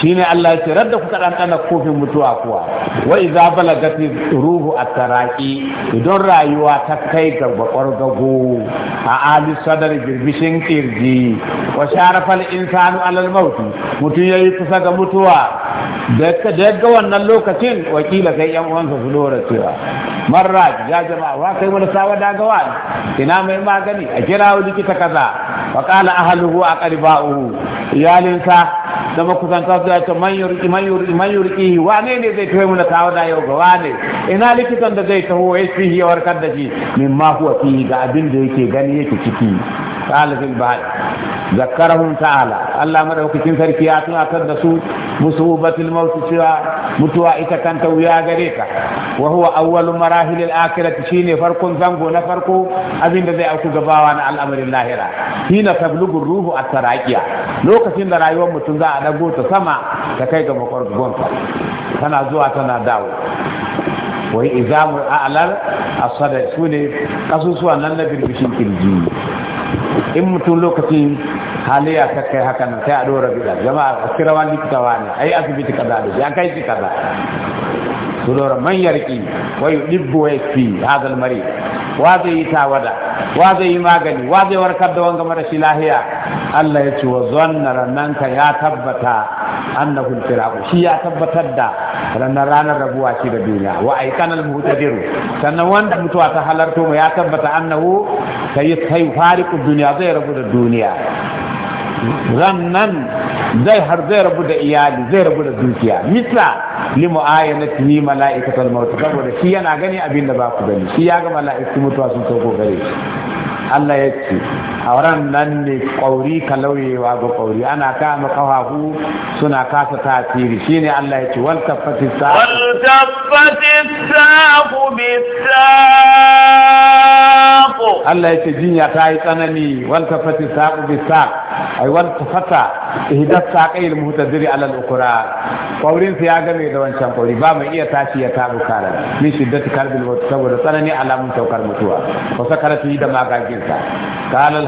shine Allah ya ce radda kuka dan kana kofin mutuwa kuwa wa idza balagati ruhu at-taraqi idan rayuwa ta kai ga bakwar gago a ali sadar Girbishin kirji wa sharafal insanu alal mauti mutum yayi kusa ga mutuwa da daga wannan lokacin wakila kai yan uwansa su dora cewa marra ya jama'a wa kai wani sawa dagawa ina mai magani a kira likita kaza wa qala ahluhu aqriba'uhu iyalinsa da makusan kasu ya ce man yurki man yurki man wane ne zai kai muna da da yau ga wane ina likitan da zai taho ya fi ya warkar da shi min ma huwa fi ga abin da yake gani yake ciki talibin ba zakarahum ta'ala Allah madaukakin sarki ya tunatar da su musubatul maut cewa mutuwa ita kanta wuya gare ka wa huwa awwalu marahil al-akhirati shine farkon zango na farko abinda zai auku gabawa na al'amarin lahira hina tablugu ruhu at-taraqiya lokacin da rayuwar mutum za a dago ta sama ta kai ga makwargon tana zuwa tana dawo wai izamul a'lar as sune kasusuwan nan na birbishin kirji in mutum lokacin haliya ta kai haka nan sai a dora gida jama'a a kira wani ne wani ai asibiti kaza da kai shi kaza دولور من يرقي ويدب magani, هذا المريض وهذا يتعود وهذا يماغني وهذا يركب دوانغ مرشي لاهيا الله يتي وظن رنانك يا تبتا أنه الفراق شي يا تبتا ranar ranar rabuwa ce da duniya wa aikanal muhtadiru sannan wanda mutuwa ta halarto mu ya tabbata annahu sai sai fariqu duniya zai rabu da duniya zannan zai har zai rabu da iyali zai rabu da dukiya misa li mu'ayanati ni mala'ikatul maut saboda shi yana gani abin da ba ku gani shi ya ga mala'iku mutuwa sun sauko gare shi Allah ya ce hauran nan ne kauri ka lauyewa ga kauri ana kama kafafu suna kasa tasiri shine Allah ya ce wal tafatis sa'u wal tafatis Allah ya ce jinya ta yi tsanani wal a yi bisaq ai wal tafata ihdas saqil muhtadiri ala al-ukra kaurin sa ya game da wancan kauri ba mai iya tashi ya tabu kara min shiddati kalbil wa saboda tsanani alamun saukar mutuwa ko sakarati da magagin sa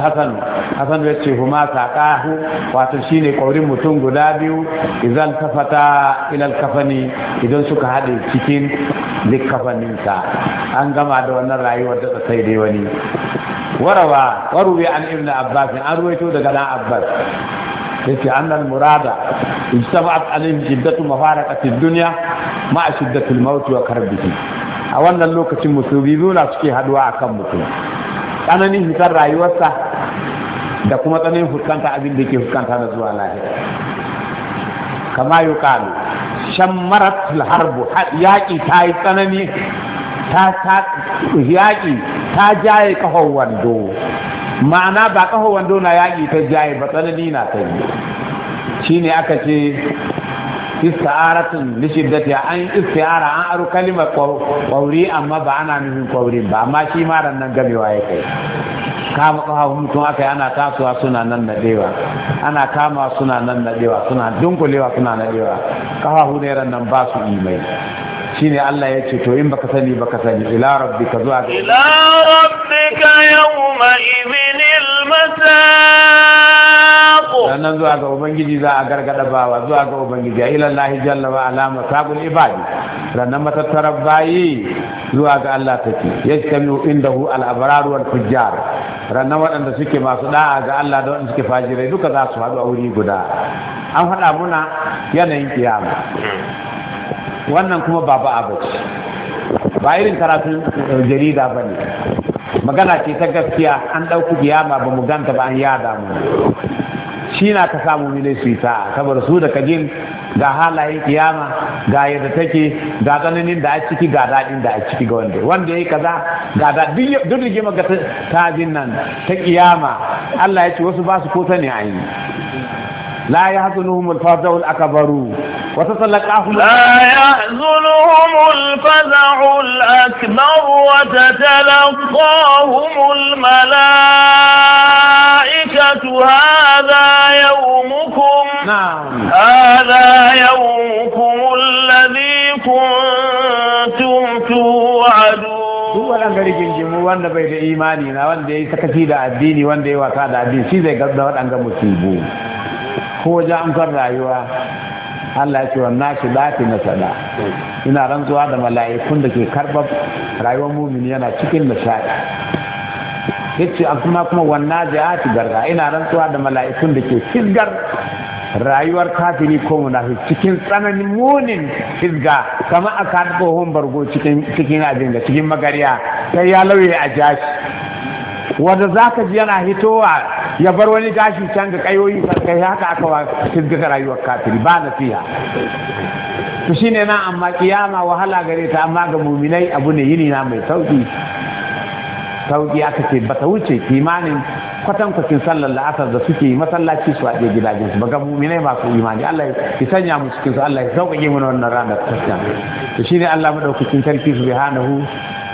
hasan hasan ya ce huma saqahu wato shine kaurin mutum guda biyu idan kafata ilal kafani idan suka hade cikin likafaninsa an gama da wannan rayuwar da sai dai wani warawa warubi an ibnu abbas an ruwaito daga dan abbas yace annal murada ijtama'at alayhi shiddatu mafaraqati dunya ma'a shiddati al-maut wa karbihi a wannan lokacin musulmi na suke haduwa akan mutum tsananin hitar rayuwarsa da kuma tsanin fuskanta abin da ke fuskanta na zuwa lahira kama yi kalu Marat harbu yaƙi ta yi tsanani yaƙi ta jaye kahon wando ma'ana ba kahon wando na yaƙi ta jaye ba tsanani na ta yi shi ne aka ce istiaratun lishiddati an istiara an aro kalimar kwauri amma ba ana nufin kwauri ba amma shi ma nan gamewa ya kai kama kafafun mutum aka yi ana tasowa suna nan nadewa ana kama suna nan nadewa suna dunkulewa suna nadewa kafafu ne nan ba su yi mai shine Allah ya ce to in baka sani baka sani ila rabbika zuwa ga ila rabbika yawma idhinil masaq sannan zuwa ga ubangiji za a gargada bawa zuwa ga ubangiji ila Allah jalla wa ala masaqul ibadi sannan matattara bayi zuwa ga Allah take yajtami indahu al abrar wal fujjar ranar waɗanda suke masu ɗa'a ga Allah da waɗanda suke fajirai duka za su haɗu a wuri guda an faɗa muna yanayin kiyama wannan kuma ba ba abu ba irin karatun eh, jarida ba ne magana ce ta gaskiya an ɗauki kiyama ba mu ganta ba an yada mu shi na ka samu mine su yi ta saboda su da kajin ga halayen kiyama ga yadda take ga tsananin da a ciki ga daɗin da a ciki ga wanda wanda ya yi kaza ga daɗin duk rigima ga tajin nan ta kiyama Allah ya ce wasu ba su ko ne yi لا يحزنهم الفزع الأكبر وتتلقاهم لا يحزنهم الفزع الأكبر وتتلقاهم الملائكة هذا يومكم نعم هذا يومكم الذي كنتم توعدون gari jinjimu wanda bai da imani na wanda ya yi sakaci da addini wanda ya wasa da addini shi zai gaza waɗanda musibu ko wajen amsar rayuwa Allah ya ce wa nashi lati na sada ina rantsuwa da mala'ikun da ke karɓar rayuwar mumini yana cikin nishaɗi yace kuma kuma wannan ja'ati garga ina rantsuwa da mala'ikun da ke shigar rayuwar kafiri ko munafi cikin tsananin munin fisga kama a kaɗa tsohon bargo cikin abin da cikin magariya sai ya lauye a jashi wanda za ka ji yana hitowa ya bar wani gashi can ga kayoyi kai haka aka wa fisga rayuwar kafiri ba nasiha to ne na amma kiyama wahala gare ta amma ga muminai abu ne yini na mai sauki sauki aka ce bata wuce kimanin kwatankwacin sallar la'asar da suke masallaci su ɗaya gidajen su baga muminai masu imani Allah ya sanya mu cikin su Allah ya sauƙaƙe mana wannan ranar tasha to shine Allah madaukakin sarki subhanahu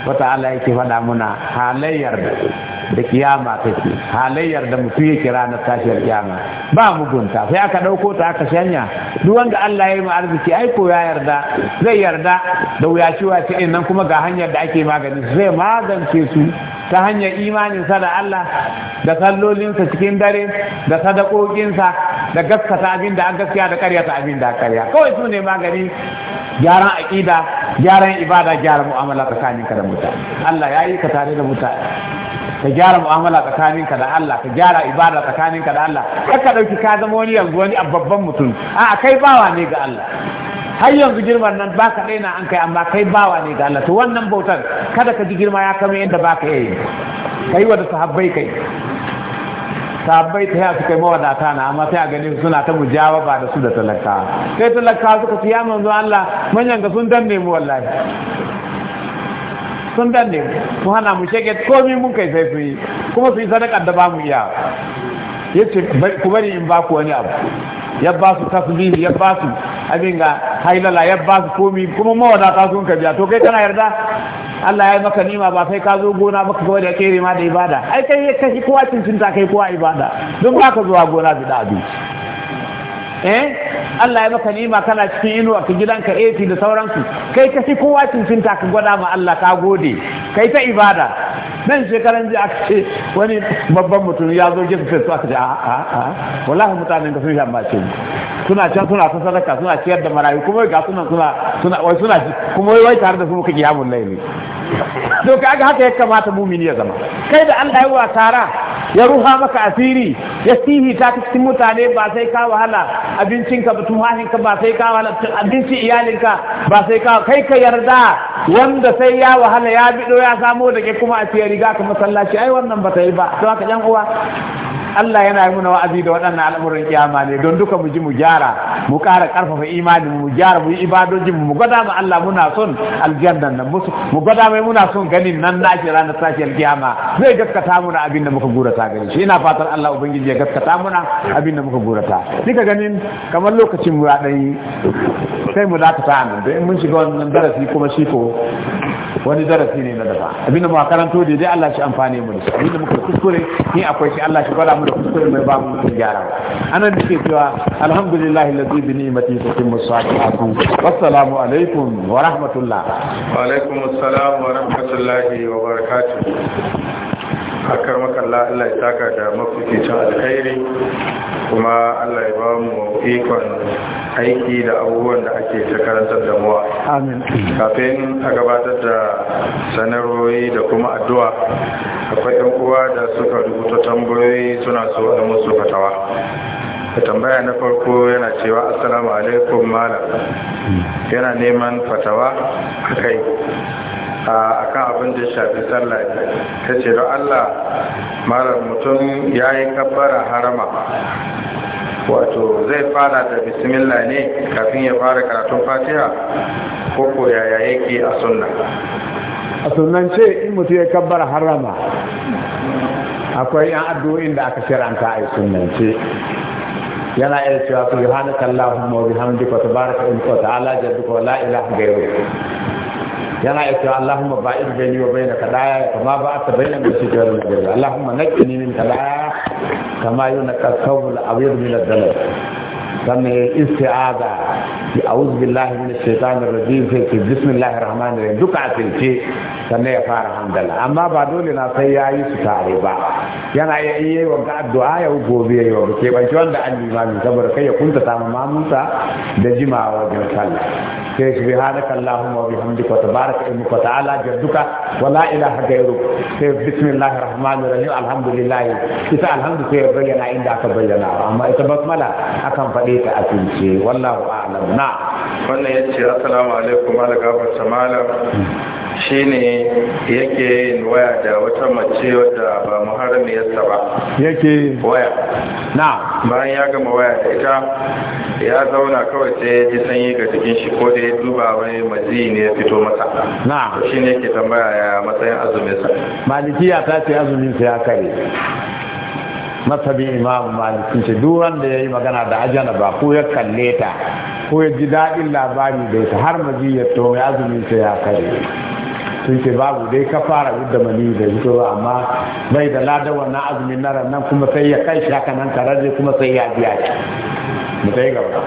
wa ta'ala yake faɗa muna halayyar da kiyama take halayyar da mutum yake ranar tashiyar kiyama ba mugunta sai aka ɗauko ta aka shanya duk wanda Allah ya yi arziki ai ko ya yarda zai yarda da wuyaci wace nan kuma ga hanyar da ake magani zai magance su ta hanyar imaninsa da Allah da sallolinsa cikin dare da sadakokinsa da gaskata abin da an gaskiya da karyata abin da karya kawai su ne magani gyaran aƙida gyaran ibada gyaran mu'amala tsakaninka da mutane Allah ya yi ka tare da mutane ka gyara mu'amala tsakaninka da Allah ka gyara ibada tsakaninka da Allah kar ka ɗauki ka zama wani yanzu wani babban mutum a kai bawa ne ga Allah har yanzu girman nan baka daina an kai amma kai bawa ne ga Allah to wannan bautar kada ka ji girma ya kama yadda baka yi kai wa da sahabbai kai sahabbai ta yasu kai mawadata na amma sai a gani suna ta ba da su da talaka sai talaka suka fiya ya manzo Allah manyan ga sun danne mu wallahi sun danne mu hana mu shege komai mun kai sai su yi kuma su yi sadaka da ba mu iya yace ku bari in ba ku wani abu ya ba su tasbihi ya ba su abin ga hailala ya ba su komi kuma ka sun ka biya to kai kana yarda Allah ya maka nima ba sai ka zo gona ba ka da kai ma da ibada ai kai ya kashi kowa cincin ta kai kuwa ibada don ba ka zuwa gona da dadi. eh Allah ya maka nima kana cikin inuwa ka gidanka AC da sauransu kai kashi kowa cin ta ka gwada ma Allah ka gode kai ta ibada nan shekaran ji aka ce wani babban mutum ya zo gefe fesu aka ce a wallahi mutanen ka sun sha mace suna can suna ta sadaka suna ciyar da marayu kuma ga suna suna suna wai suna kuma wai tare da su muka kiyamun laili to aka haka ya kamata mumini ya zama kai da Allah ya wa tara ya ruha maka asiri ya sihi ta cikin mutane ba sai ka wahala abincinka ba tuhahinka ba sai ka wahala abincin iyalinka ba sai ka kai ka yarda wanda sai ya wahala ya bido ya samo da kuma a siya riga ka masallaci ai wannan ba ta yi ba to haka yan uwa Allah yana yi muna wa'azi da waɗannan al'amuran kiyama ne don duka mu ji mu gyara mu ƙara ƙarfafa imani mu gyara mu yi ibadojin mu gwada ma Allah muna son aljannan nan mu gwada mai muna son ganin nan na naki ranar sashi alkiyama zai gaskata muna abin da muka gurata gani shi ina fatan Allah ubangiji ya gaskata muna abin da muka gurata duka ganin kamar lokacin mu ya sai mu dakata nan don mun shiga wannan darasi kuma shi ko wani darasi ne na dafa abinda mu karanto da dai Allah shi amfane mu da shi abinda muka kuskure ni akwai shi Allah shi gwada mu da kuskure mai ba mu gyara anan ke cewa alhamdulillahi allazi bi ni'mati tatimmu salihatu wassalamu alaikum wa rahmatullah wa alaikum assalam wa rahmatullahi wa barakatuh akar makalla Allah ya taka da mafificin alkhairi kuma Allah ya ba mu ikon aiki da abubuwan da ake ta karantar da muwa kafin a gabatar da sanarwoyi da kuma addu'a akwai yan uwa da suka rubuta tambayoyi suna so musu fatawa da tambaya na farko yana cewa assalamu alaikum malam yana neman fatawa a kai a kan abin da ya shafi sallah ta ce don allah marar mutum ya yi kabbara harama wato zai fara da bismillah ne kafin ya fara karatun fatiha ko ko ya yake a sunna a sunance in mutum ya kabbara harama akwai yan addu'o'in da aka shiranta a sunance yana iya cewa subhanakallahumma wa bihamdika tabaraka wa ta'ala jadduka wa la ilaha ghayruka yana ya ce Allahumma ba'id baini wa baina kadaya kama ba'at baina min sijar al gari Allahumma naqqini min kadaya kama yunqa thawb al abyad min ad-dalal sanne isti'aza a'udhu billahi minash shaitanir rajim sai ce rahim ya fara hamdala amma ba dole a sai yayi su tare ba yana iya iya wa addu'a ya gobe ya wa ke banci saboda kai ya kunta ta mamunsa da jimawa wajen sallah sai subhanaka allahumma wa bihamdika wa tabaraka ita alhamdu sai bayyana inda aka bayyana amma ita basmala akan faɗe ta a wallahu a'lam na wannan ya ce assalamu alaikum alagafar samala shi ne yake yin waya da wata mace wadda ba muharmiyarsa ba yake waya na bayan ya gama waya da ita ya zauna kawai sai ya ji sanyi ga jikin shi ko da ya duba wani mazi ne ya fito masa na shi ne yake tambaya ya matsayin azumin sa Maliki ya tace azumin sa ya kare masabin imamu malik sun ce duk wanda ya yi magana da ajana ba ko ya kalle ta ko ya ji daɗin labari da ita har maji ya to ya azumi sai ya kare sun ce babu dai ka fara da mani da yi ba amma bai da lada wannan azumin na nan kuma sai ya kai shi haka nan tare kuma sai ya biya shi mu sai gaba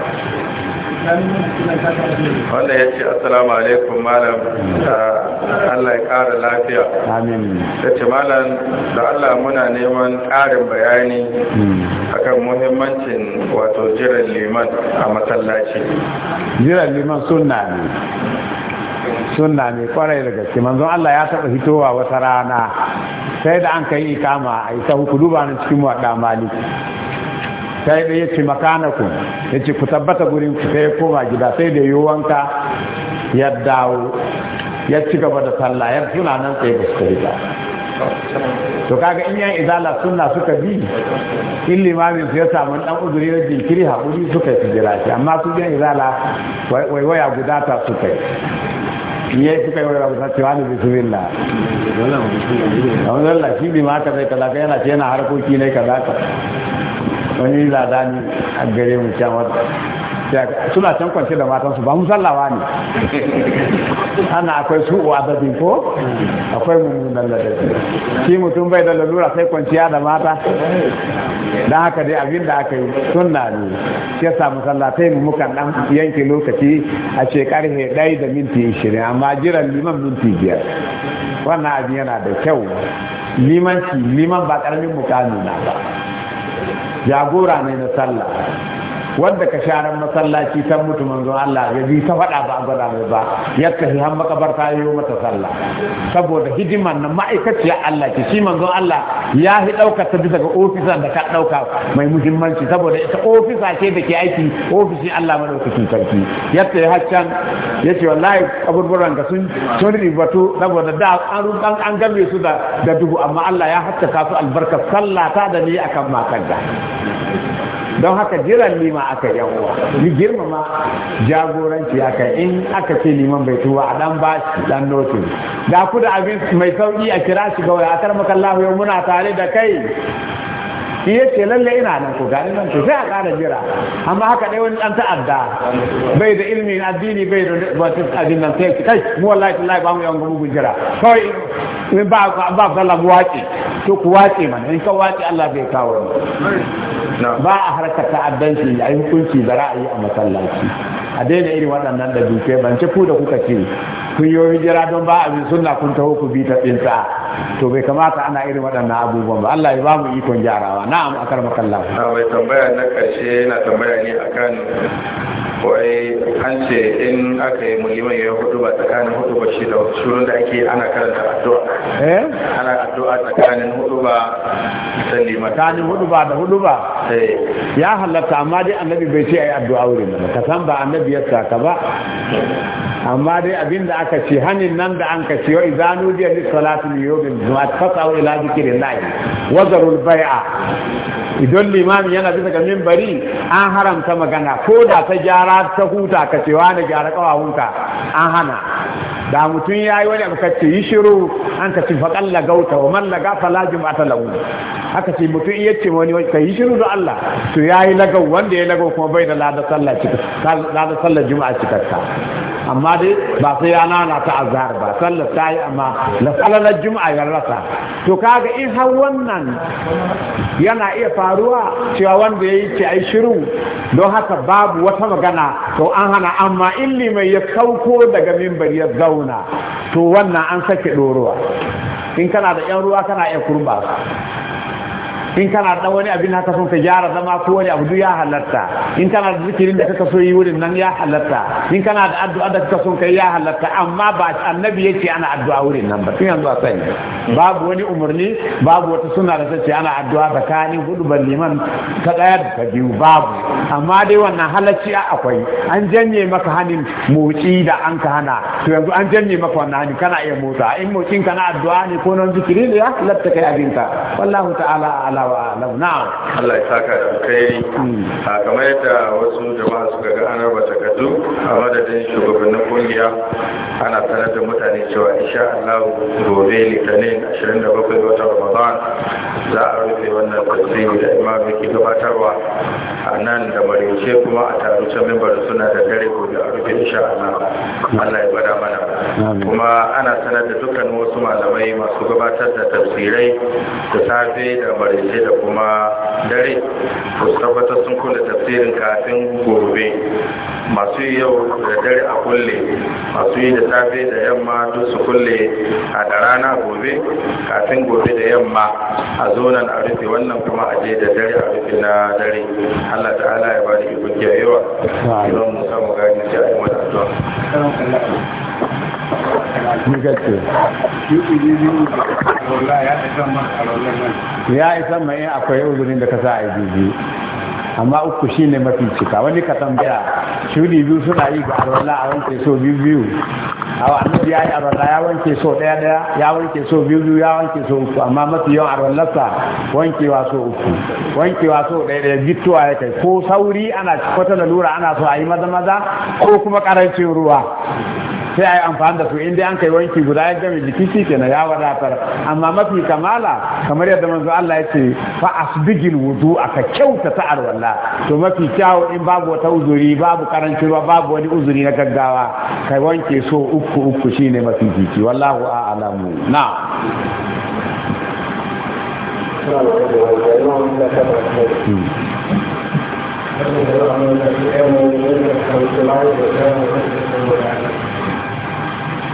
wanda ya ce assalamu alaikum malam Allah ya kara lafiya ya ce malam da Allah muna neman ƙarin bayani hmm. akan muhimmancin wato jiran liman a masallaci jiran liman sunna ne sunna ne kwarai da gaske manzon Allah ya taɓa hitowa wata rana sai da an kai ikama a isa hukudu ba na cikin a maliki sai da yace makanaku yace ku tabbata gurin ku sai koma gida sai da wanka, ya dawo ya ci gaba da sallah ya suna nan sai ba su rika to kaga in yan izala sunna suka bi in limamin su ya samu dan uzuri na jinkiri haƙuri suka yi jira shi amma su yan izala wai guda ta suka yi in yayi suka yi waiwaya guda cewa ne bismillah a wani shi bi ma ka zai kaza yana ce yana harkoki ne kaza ka wani ne a gare mu kyamar suna can kwanci da matansu ba musallawa ne ana akwai su wa babin ko akwai mummunan ladabi shi mutum bai da lalura sai kwanciya da mata don haka dai abin da aka yi sunna ne shi samu musallatai mu mukan dan yanke lokaci a ce karfe ɗaya da minti ishirin amma jiran liman minti biyar wannan abin yana da kyau limanci liman ba karamin mukami na ba jagora ne na sallah Wanda ka sharan masallaci san mutu manzo Allah ya ji ta faɗa ba a gwada mai ba ya tafi har makabarta ya yi mata sallah saboda hidiman na ma'aikaciya Allah ki shi manzo Allah ya fi dauka ta bisa ga ofisan da ka ɗauka mai muhimmanci saboda ita ofisa ce da ke aiki ofishin Allah madaukakin sarki ya tafi haccan ya ce wallahi kaburburan ka sun sun ribatu saboda da an an game su da dubu amma Allah ya haskaka su albarkar sallata da ni akan makanta don haka jiran lima aka yan uwa ni girmama jagoranci aka in aka ce liman bai tuwa a dan ba shi dan notin da ku da abin mai sauki a kira shi kawai a karmakallahu yau muna tare da kai shi ya ce lalle ina nan ko gani nan to sai a ƙara jira amma haka dai wani ɗan ta'adda bai da ilmi addini bai da wata abin nan sai kai mu wallahi tallahi ba mu yawan gumu jira kawai in ba ba Allah mu wace to ku wace mana in ka wace Allah bai kawo ba a harkar ta'addanci a hukunci da ra'ayi a masallaci a daina iri waɗannan da duke ban ce ku da kuka ce kun yi hijira don ba abin sunna kun taho ku bi ta tsinta to bai kamata ana irin waɗannan abubuwan ba Allah ya ba mu ikon gyarawa na'am akar makallahu bai tambaya na karshe yana tambaya ne akan wai an ce in aka yi muliman ya hudu ba tsakanin hudu ba shi da shirin da ake ana karanta addu'a eh? ana addu'a tsakanin hudu ba san liman tsakanin hudu ba da hudu ba eh. ya halatta amma dai annabi bai ce ayi addu'a wurin ba ka san ba annabi ya saka ba amma dai abinda aka ce hanin nan da an ka ce wa idanu jiya ni salatu ni yawmin juma'a fasau ila zikrillah wa zarul bai'a idan limami yana bisa ga mimbari an haramta magana ko da ta gyara ta huta ka cewa da gyara kawawunka an hana da mutum ya yi wani abu ka ce yi shiru an ka ce faƙan lagauta wa man laga falajin ba ta lagu haka ce mutum iya ce wani ka yi shiru da Allah to ya yi lagau wanda ya lagau kuma bai da lada sallah juma'a cikakka amma dai ba sai ya nana ta azhar ba sallar ta yi amma na salalar juma'a ya rasa to kaga in har wannan yana iya faruwa cewa wanda ya yi ce ai shiru don haka babu wata magana to an hana amma in limai ya sauko daga mimbar ya zauna to wannan an sake ɗorowa in kana da 'yan ruwa kana iya kurba in kana da wani abin haka sun ka gyara zama ko wani abu ya halatta in kana da zikirin da kaka so yi wurin nan ya halatta in kana da addu'a da kaka so kai ya halatta amma ba annabi yace ana addu'a wurin nan ba tun yanzu a sani babu wani umarni babu wata suna da sace ana addu'a ni hudu ban liman ka daya da biyu babu amma dai wannan halacci akwai an janye maka hanin motsi da an ka hana to yanzu an janye maka wannan hanin kana iya motsa in motsin kana addu'a ne ko nan zikiri ne ya halatta kai abinka wallahu ta'ala ala a'lam na'am Allah ya saka da kai hmm. a kamar yadda wasu jama'a suka ga anar ba takardu a madadin shugabannin kungiya ana sanar da mutane cewa insha Allah gobe litinin 27 watan Ramadan za a rufe wannan tasiri da imam Biki gabatarwa a nan da marince kuma a tarucin mimbar suna da dare gobe a rufe insha Allah hmm. Allah ya bada mana kuma ana sanar da dukkan wasu malamai masu gabatar da tafsirai da safe da marice da kuma dare su tabbatar sun kula tafsirin kafin gobe masu yi yau da dare a kulle masu yi da safe da yamma duk su kulle a da rana gobe kafin gobe da yamma a zonan a rufe wannan kuma a je da dare a rufe na dare allah ta'ala ya da ikon kiyayewa idan musa mu gani sai a yi mana addu'a nikace ya isa mai akwai uzurin da ka sa a biyu amma uku shi ne mafi cika wani ka tambaya shudi biyu suna yi ga arwala a wanke so biyu biyu a wani ya yi arwala ya wanke so ɗaya ɗaya ya wanke so biyu biyu ya wanke so uku amma mafi yawan arwalarsa wankewa so uku wankewa so ɗaya ɗaya gittuwa ya kai ko sauri ana kwata da lura ana so a yi maza maza ko kuma karancin ruwa sai a yi amfani da su inda an kai wanki guda ya gami jiki shi na ya wadatar amma mafi kamala kamar yadda manzo Allah ya ce fa asbigil wudu aka kyauta ta alwala to mafi kyau in babu wata uzuri babu karanci ruwa babu wani uzuri na gaggawa kai wanke so uku uku shine mafi jiki wallahu a'lamu na you. Hmm.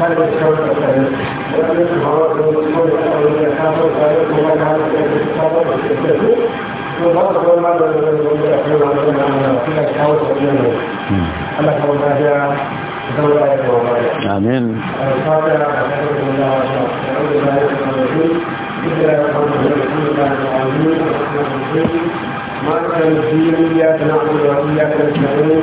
आमीन ما كان الدين إياك نعبد وإياك نستعين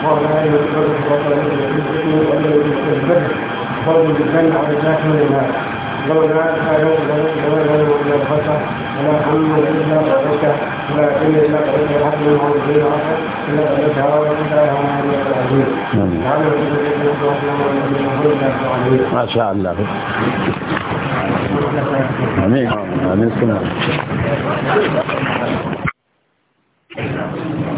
ما شاء الله امين امين